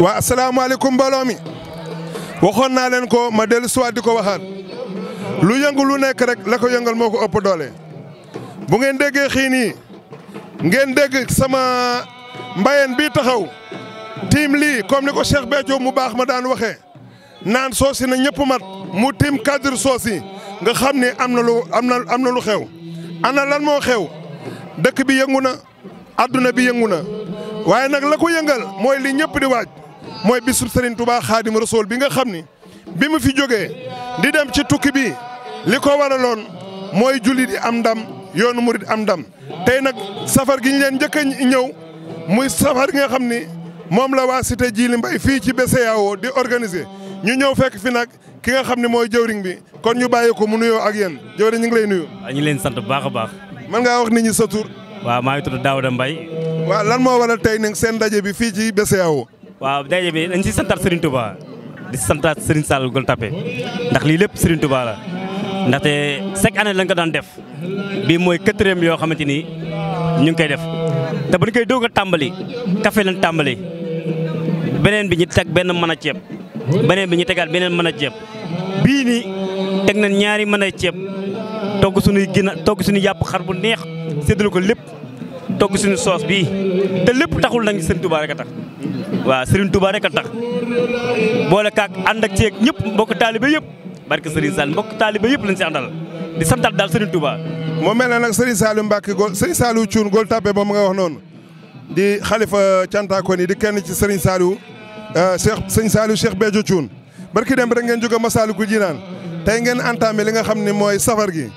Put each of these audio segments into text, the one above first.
waa asalaamaaleykum mbooloo mi waxoon naa leen ko ma dellu siwaat di ko waxaat lu yëngu lu nekk rek la ko yëngal moo ko ëpp doole bu ngeen déggee xii nii ngeen dégg sama mbayeen bii taxaw tiim lii comme ni ko Cheikh Béthio mu baax ma daan waxee naan soosi na ñëpp mat mu tiim cadre soosi nga xam ni am na lu am am na lu xew ana lan moo xew dëkk bi yëngu na adduna bi yëngu na waaye nag la ko yëngal mooy li ñëpp di waaj mooy bisub Serigne Touba Khadim Rasoul bi nga xam ni bi mu fi jógee di dem ci tukki bi li ko waraloon mooy julli di am ndam yoonu murid am ndam tey nag safar gi ñu leen njëkk a ñëw muy safar gi nga xam ni moom la waa site Djily Mbaye fii ci BCEAO di organiser ñu ñëw fekk fi nag ki nga xam ne mooy jëwriñ bi kon ñu bàyyi ko mu nuyoo ak yen jëwriñ ñu ngi lay nuyu. waaw leen sant bu baax a baax. mën ngaa wax nit ñi sa tur. waaw maa ngi tudd Daouda waaw lan moo war a tey nag seen daje bi fii ci BCEAO. waaw daje bi dañ ci santaat Serigne Touba di santaat Serigne Sall Gueule Tapée ndax lii lépp Serigne Touba la ndaxte chaque année lañ ko daan def bii mooy quatrième yoo xamante ni ñu ngi koy def te bu ñu koy doog a tàmbali café lañ tàmbali beneen bi ñu teg benn mën a ceeb beneen bi ñu tegaat beneen mën a ceeb bii nii teg nañ ñaari mën a ceeb togg suñuy gën a togg suñuy yàpp xar bu neex séddale ko lépp. togg suñu soos bii te lépp taxul nag Serigne Touba rek a tax waaw Serigne Touba rek a tax boole kaak ànd ak ceeg ñëpp mbokk taaliba yëpp barke Serigne Sall mbokk taaliba yëpp lañ si àndal di santaat daal Serigne Touba. moo mel ne nag Serigne Saliou Mbacke Gol Serigne Saliou Thioune Gueule Tapée moom nga wax noonu di xalifa Thiantacones yi di kenn ci Serigne Saliou euh, Cheikh Serigne Saliou Cheikh Béthio Thioune barki dem rek ngeen jóge Massalikul Jinaan tey ngeen entamé li nga xam ne mooy safar gi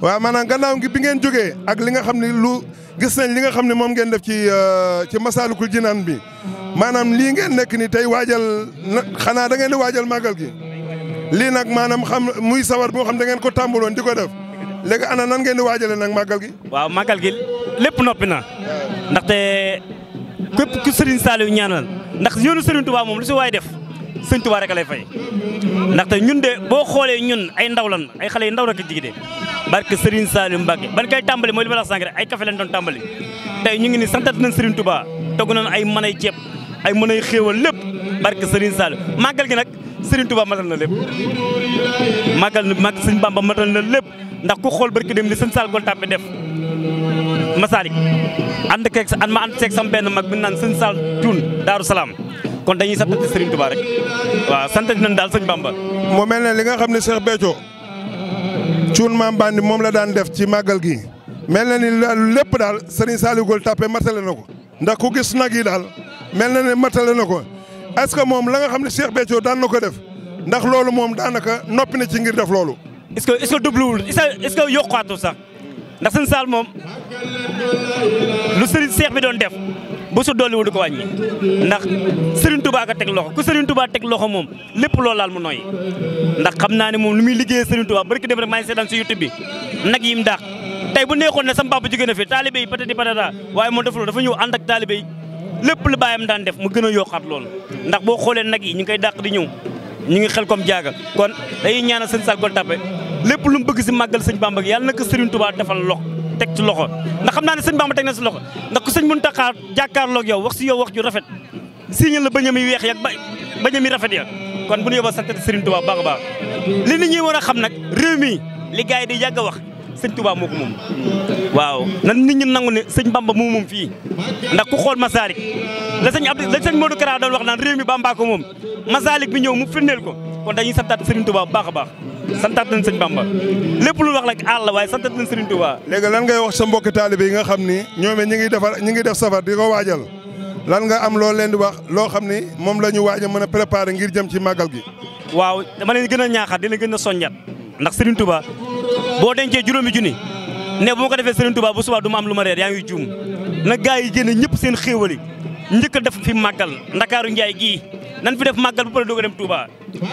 waaw maanaam gannaaw gi bi ngeen jógee ak li nga xam ne lu gis nañ li nga xam ne moom ngeen def ci euh, ci Masaalikul Jinaan bi maanaam lii ngeen nekk ni tey waajal xanaa da ngeen di waajal màggal gi lii nag maanaam xam muy sawar boo xam da ngeen ko tàmbaloon di ko def léegi ana nan ngeen di waajale nag màggal gi. waaw màggal gi lépp noppi na ndaxte képp ku Serigne Saliou ñaanal ndax yoonu Serigne Touba moom lu si waay def Serigne Touba rek lay fay ndaxte ñun de boo xoolee ñun ay ndaw lan ay xale yu ndaw rek a jigéen barke Serigne Saliou Mbacke ban koy tàmbali mooy li ma la wax sànq rek ay café lañ doon tàmbali tey ñu ngi ni santat nañ Serigne Touba togg nañ ay mën ay ceeb ay mën ay xéewal lépp barke Serigne Saliou màggal gi nag Serigne Touba matal na lépp màggal mag Serigne Bamba matal na lépp ndax ku xool barki dem li Serigne Saliou Goltapé def Masalik ànd keeg an ma ànd seeg benn mag bi naan Serigne Sall Thioune Daaru Salaam kon dañuy santat Serigne Touba rek waaw santat nañ daal Serigne Bamba moo mel ne li nga xam ne Cheikh Béthio cuun maam bandi moom la daan def ci màggal gi mel na ni lépp daal Serigne Saliou Gueye Tapé matale na ko ndax ku gis nag yi daal mel na ne matale na ko est que moom la nga xam ne Cheikh Béthio daan na ko def ndax loolu moom daanaka noppi na ci ngir def loolu. est-ce que est-ce que dubluwul est-ce sax ndax Serigne moom lu Serigne bi doon def. bu su dolliwu du ko wàññi ndax Serigne Touba ka teg loxo ku Serigne Touba teg loxo moom lépp loo laal mu nooy ndax xam naa ne moom lu muy liggéeyee Serigne Touba barki dem rek maa ngi seetaan si YouTube bi nag yim daax tey bu neexoon ne sama papa jóge na fi taalibe yi patati patata waaye moom defuloo dafa ñëw ànd ak taalibe yi lépp lu bàyyam daan def mu gën a yokkaat loolu ndax boo xoolee nag yi ñu ngi koy dàq di ñëw ñu ngi xel comme jaaga kon dañuy ñaanal sëñ Saal Gueule Tapée lépp lu mu bëgg si màggal sëñ Bamba yàlla na ko Serigne defal loxo teg ci loxo ndax xam naa ne sëñ Bamba teg na si loxo ndax ku sëñ Muntaxa jàkkaarloog yow wax si yow wax ju rafet signal la bañam yi weex ya bañam yi rafet ya kon bu ñu yóbboo sant Serigne Touba baax a baax li nit ñi war a xam nag réew mi li gars yi di yàgg a wax sëñ Touba moo ko moom waaw nan nit ñi nangu ne sëñ Bamba moo moom fii ndax ku xool Masaalik la sëñ Abdou la sëñ Modou Kara wax naan réew mi Bamba ko moom Masaalik bi ñëw mu firndeel ko kon dañuy santaat Serigne Touba baax a baax santaat nañ sëñ Bamba lépp lu wax rek àll waaye santaat nañ Sëriñ Tuubaa léegi lan ngay wax sa mbokki taalibe yi nga xam ni ñoome ñi ngi defar ñi ngi def safar di ko waajal lan nga am loo leen di wax loo xam ni moom la ñu waaj a mën a préparer ngir jëm ci màggal gi waaw dama leen gën a ñaaxaat di leen gën a soññat ndax Sëriñ Tuubaa boo dencee juróomi ni ne bu ma ko defee Sëriñ Tuubaa bu subaa du ma am lu ma reer yaa ngi juum na gaa yi ne ñëpp seen xéewali njëkk def fi màggal ndakaaru njaay gii nan fi def màggal bu pare doo dem Tuubaa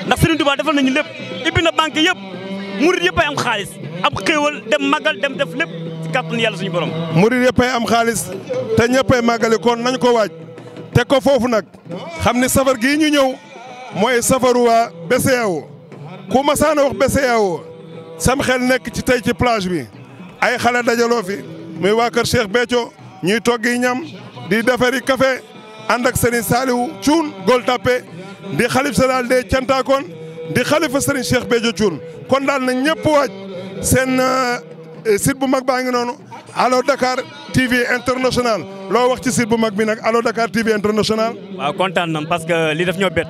ndax Serigne Touba defal nañu lépp ibbi na banque yëpp murid yëpp ay am xaalis am xéewal dem magal dem def lépp ci kàttanu yàlla suñu borom. murid yëpp ay am xaalis te ñëpp ay màggali nañ ko waaj te ko foofu nag xam ni safar gi ñu ñëw mooy safaru waa BCEAO ku masaana wax sam xel nekk ci tey ci plage bi ay xale dajaloo fi muy waa kër Cheikh Béthio ñuy toggi ñam di defari café ànd ak Serigne Saliou Thioune Gueule Tapée di xalif général des Thiantacones di xalifa Serigne Cheikh Béthio Thioune kon daal na ñëpp waaj seen euh, euh, site bu mag baa ngi noonu Allo Dakar TV international loo wax ci site bu mag bi nag Allo Dakar TV international. waaw kontaan na parce que li def ñoo bett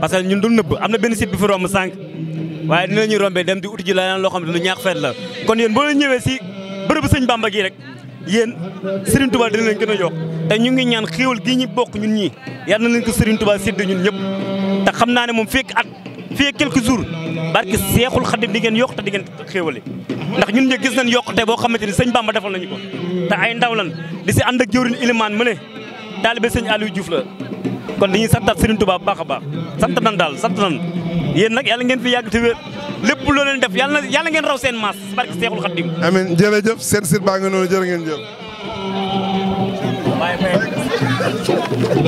parce que ñun du nëbb am na benn site bi fi romb sànq waaye dinañu rombe dem di uti ji la loo xam ne lu ñaax feet la kon yéen boo leen ñëwee si bërëbu sëñ Bamba gi rek. yéen Serigne Touba dina leen gën a yokk te ñu ngi ñaan xéewal gi ñu bokk ñun ñii yal na leen ko Serigne Touba sédd ñun ñëpp te xam naa ne moom fekk at fekk quelques jours barke Seexul Xadim di ngeen yokk te di ngeen xéewale ndax ñun ñi gis nañ te boo xamante ni sëñ Bamba defal nañu ko te ay ndaw lan di si ànd ak jëwriñ ilimaan mu ne taalibe sëñ Aliou Diouf la kon dañuy santaat Serigne Touba bu baax a baax sant nan daal sant nan nag yàlla ngeen fi yàgg te wér lépp loo leen def yàlla na yàlla ngeen raw seen maas si barke Seexul Xaddim. amiin jërëjëf seen site baa nga noonu jërë ngeen jëf.